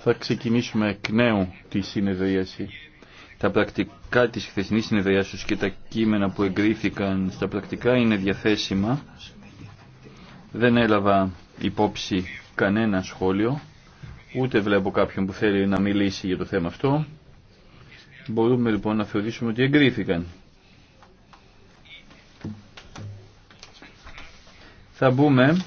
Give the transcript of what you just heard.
Θα ξεκινήσουμε εκ νέου τη συνεδρίαση. Τα πρακτικά της χθεσινής συνεδριάσεως και τα κείμενα που εγκρίθηκαν στα πρακτικά είναι διαθέσιμα. Δεν έλαβα υπόψη κανένα σχόλιο. Ούτε βλέπω κάποιον που θέλει να μιλήσει για το θέμα αυτό. Μπορούμε λοιπόν να θεωρήσουμε ότι εγκρίθηκαν. Θα μπούμε